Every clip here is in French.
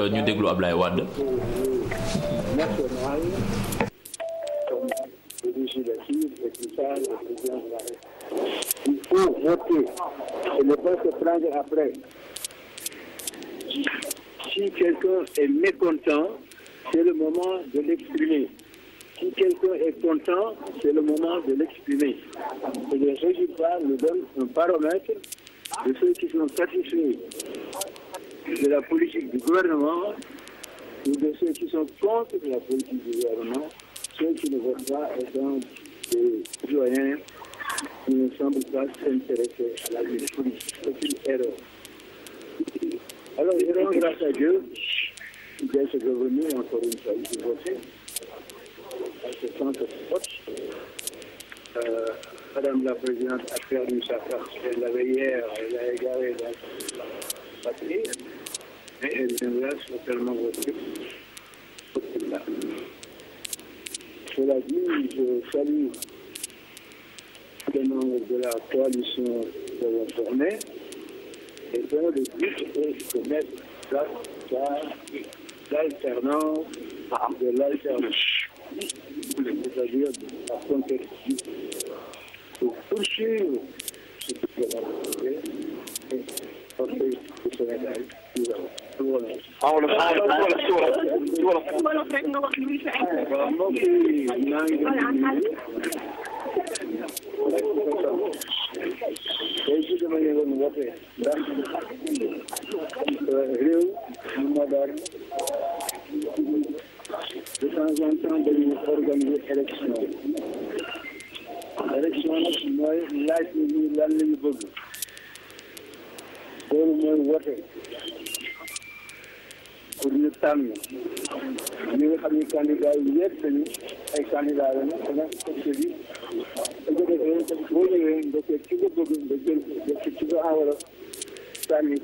Nous euh, déglu Ablaye Il faut voter et ne pas se prendre après. Si quelqu'un est mécontent, c'est le moment de l'exprimer. Si quelqu'un est content, c'est le moment de l'exprimer. Et les résultats nous donnent un baromètre de ceux qui sont satisfaits de la politique du gouvernement ou de ceux qui sont contre la politique du gouvernement, ceux qui ne votent pas étant des citoyens qui ne semblent pas s'intéresser à la vie politique. C'est une erreur. Alors, je rends grâce à Dieu se devenu encore une fois voter à ce centre de proche. Euh, Madame la Présidente a perdu sa carte, elle l'avait hier, elle l'a égarée dans et mais elles sont tellement reçues Cela dit, je salue le les membres de la coalition de la journée et dont le but est de mettre l'alternance de l'alternance, c'est-à-dire la compétition pour toucher ce qui est là. Ahora, ahora, ahora, ahora. Bueno, tengo de temps en temps dañuy organiser élection élection nag mooy laaj ni lan la ñu bëgg Senghor woote pour ñu tànn ñi nga xam ne candidat yi yëpp dañu ay candidat lañu dana comité bi bu ko defee boo ñëwee nga seet ci nga bëgg nga jël nga seet ci nga enveloppe sànni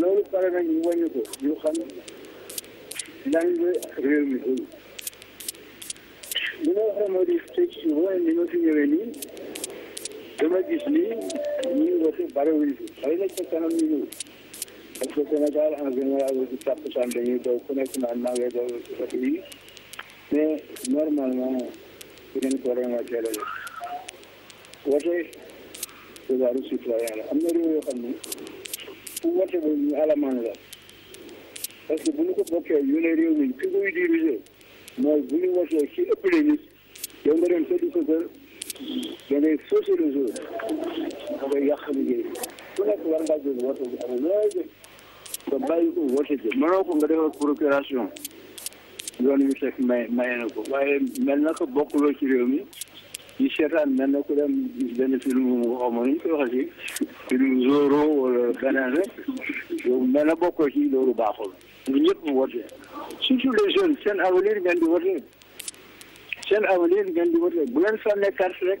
loolu pare nag ñu wàññi ko ñu xam lan la réew mi bëgg li ma waxee moo di teg ci wone ni ma fi ñëwee nii Parce que vous ne pouvez pas faire une réunion, you. Aku kena cakap, aku ne pouvez pas faire une réunion. jour sur le jour yàq liggéey ku nekk war ngaa jóg nga bàyyi ko woote bi mënoo ko na ko waaye mel na ko bokkuloo ci réew mi ñu mel na ku dem benn film xaw ma nu ñu koy waxee si na bokkoo ci loolu baaxul mu wote surtout les jeunes seen avenir ngeen di wote seen avenir ngeen di wote bu leen sànnee carte rek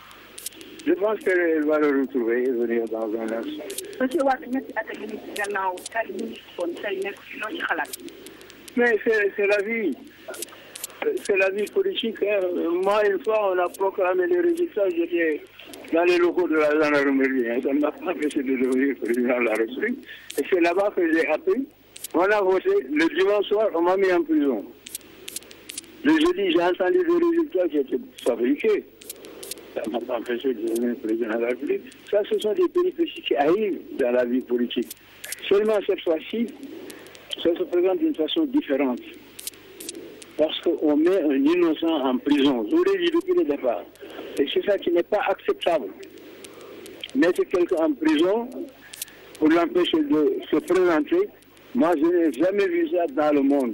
Je pense qu'elle va le retrouver et venir dans un instant. Monsieur Mais c'est la vie. C'est la vie politique. Hein. Moi, une fois, on a proclamé les résultats. J'étais dans les locaux de la gendarmerie. Hein. Ça ne m'a pas empêché de devenir président de la République. Et c'est là-bas que j'ai appris. On a voté. Le dimanche soir, on m'a mis en prison. Le jeudi, j'ai entendu les résultats qui étaient fabriqués ça m'a empêché de devenir président de la République. Ça, ce sont des péripéties qui arrivent dans la vie politique. Seulement cette fois-ci, ça se présente d'une façon différente. Parce qu'on met un innocent en prison. Vous l'avez dit depuis le départ. Et c'est ça qui n'est pas acceptable. Mettre quelqu'un en prison pour l'empêcher de se présenter, moi je n'ai jamais vu ça dans le monde.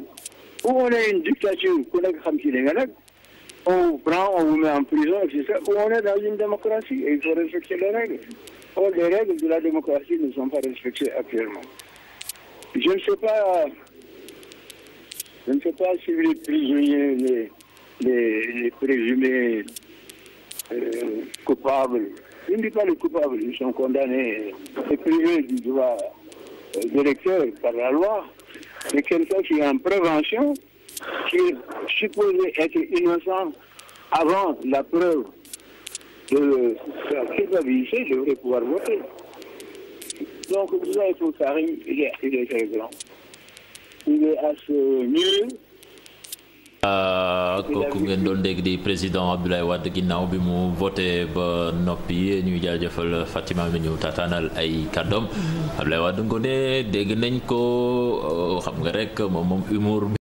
Où on a une dictature, on vous prend, on vous met en prison, etc. Ou on est dans une démocratie et il faut respecter les règles. Or, les règles de la démocratie ne sont pas respectées actuellement. Je ne sais pas, je ne sais pas si les prisonniers, les, présumés euh, coupables, je ne dis pas les coupables, ils sont condamnés les privés du droit euh, directeur par la loi, c'est quelqu'un qui est en prévention, qui est supposé être innocent avant la preuve de sa culpabilité devrait pouvoir voter. Donc vous avez tout Karim, il est, il est Il est à ce milieu. kooku ngeen doon dégg di président Abdoulaye Wade ginnaaw bi mu voté ba noppi ñuy jaajëfal Fatima mi ñu taataanal ay kàddoom mm-hmm. Abdoulaye Wade Ngoné dégg nañ ko euh, xam nga rek moom moom humour